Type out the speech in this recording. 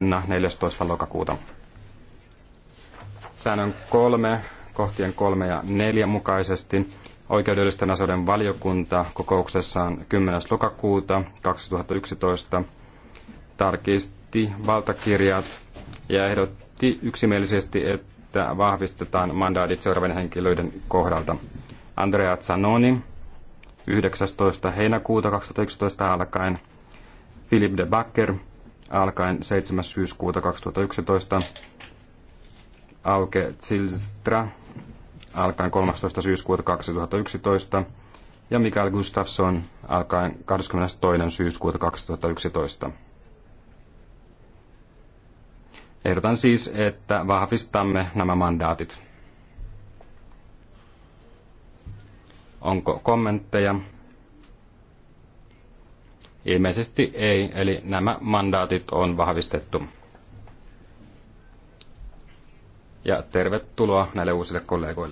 huomenna 14. lokakuuta. Säännön kolme, kohtien kolme ja neljä mukaisesti oikeudellisten asioiden valiokunta kokouksessaan 10. lokakuuta 2011 tarkisti valtakirjat ja ehdotti yksimielisesti, että vahvistetaan mandaatit seuraavien henkilöiden kohdalta. Andrea Zanoni 19. heinäkuuta 2011 alkaen, Philip de Backer alkaen 7. syyskuuta 2011. Auke Zilstra alkaen 13. syyskuuta 2011 ja Mikael Gustafsson alkaen 22. syyskuuta 2011. Ehdotan siis, että vahvistamme nämä mandaatit. Onko kommentteja? Ilmeisesti ei, eli nämä mandaatit on vahvistettu. Ja tervetuloa näille uusille kollegoille.